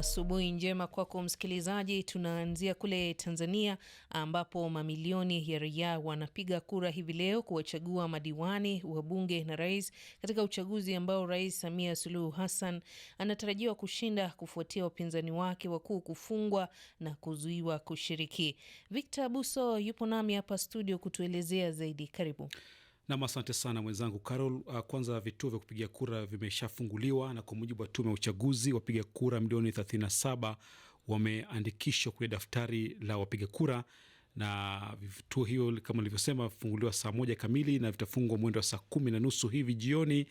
Asubuhi njema kwako msikilizaji. Tunaanzia kule Tanzania ambapo mamilioni ya raia wanapiga kura hivi leo kuwachagua madiwani, wabunge na rais katika uchaguzi ambao Rais Samia Suluhu Hassan anatarajiwa kushinda kufuatia wapinzani wake wakuu kufungwa na kuzuiwa kushiriki. Victor Buso yupo nami hapa studio kutuelezea zaidi. Karibu. Nam, asante sana mwenzangu Carol. Ah, kwanza, vituo vya kupiga kura vimeshafunguliwa na kwa mujibu wa tume ya uchaguzi, wapiga kura milioni 37 wameandikishwa kwenye daftari la wapiga kura na vituo hivyo kama ilivyosema vifunguliwa saa moja kamili na vitafungwa mwendo wa saa kumi na nusu hivi jioni.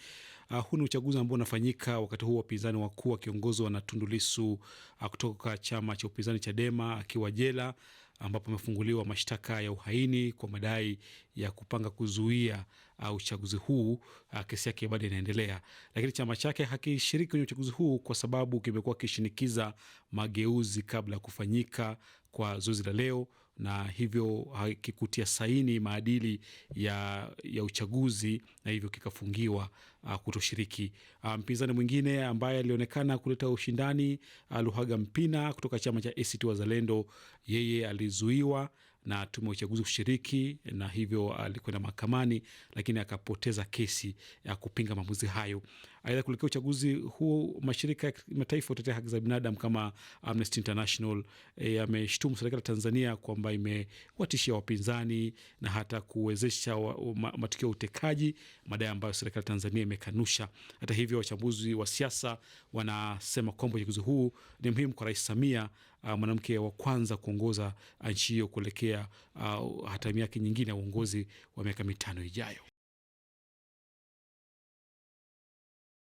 Uh, huu ni uchaguzi ambao unafanyika wakati huu wapinzani wakuu wakiongozwa na Tundu Lissu uh, kutoka chama cha upinzani Chadema akiwa jela ambapo amefunguliwa mashtaka ya uhaini kwa madai ya kupanga kuzuia uh, uchaguzi huu. Uh, kesi yake bado inaendelea, lakini chama chake hakishiriki kwenye uchaguzi huu kwa sababu kimekuwa kishinikiza mageuzi kabla ya kufanyika kwa zoezi la leo na hivyo hakikutia saini maadili ya, ya uchaguzi na hivyo kikafungiwa uh, kutoshiriki. Uh, mpinzani mwingine ambaye alionekana kuleta ushindani uh, Luhaga Mpina kutoka chama cha ACT Wazalendo, yeye alizuiwa na tume ya uchaguzi kushiriki na hivyo alikwenda mahakamani, lakini akapoteza kesi ya kupinga maamuzi hayo. Aidha, kuelekea uchaguzi huu mashirika ya kimataifa kutetea haki za binadamu kama Amnesty International eh, yameshtumu e, serikali ya Tanzania kwamba imewatishia wapinzani na hata kuwezesha matukio ya utekaji, madai ambayo serikali ya Tanzania imekanusha. Hata hivyo, wachambuzi wa siasa wanasema kwamba uchaguzi huu ni muhimu kwa Rais Samia, uh, mwanamke wa kwanza kuongoza uh, nchi hiyo kuelekea uh, hatami yake nyingine ya uongozi wa miaka mitano ijayo.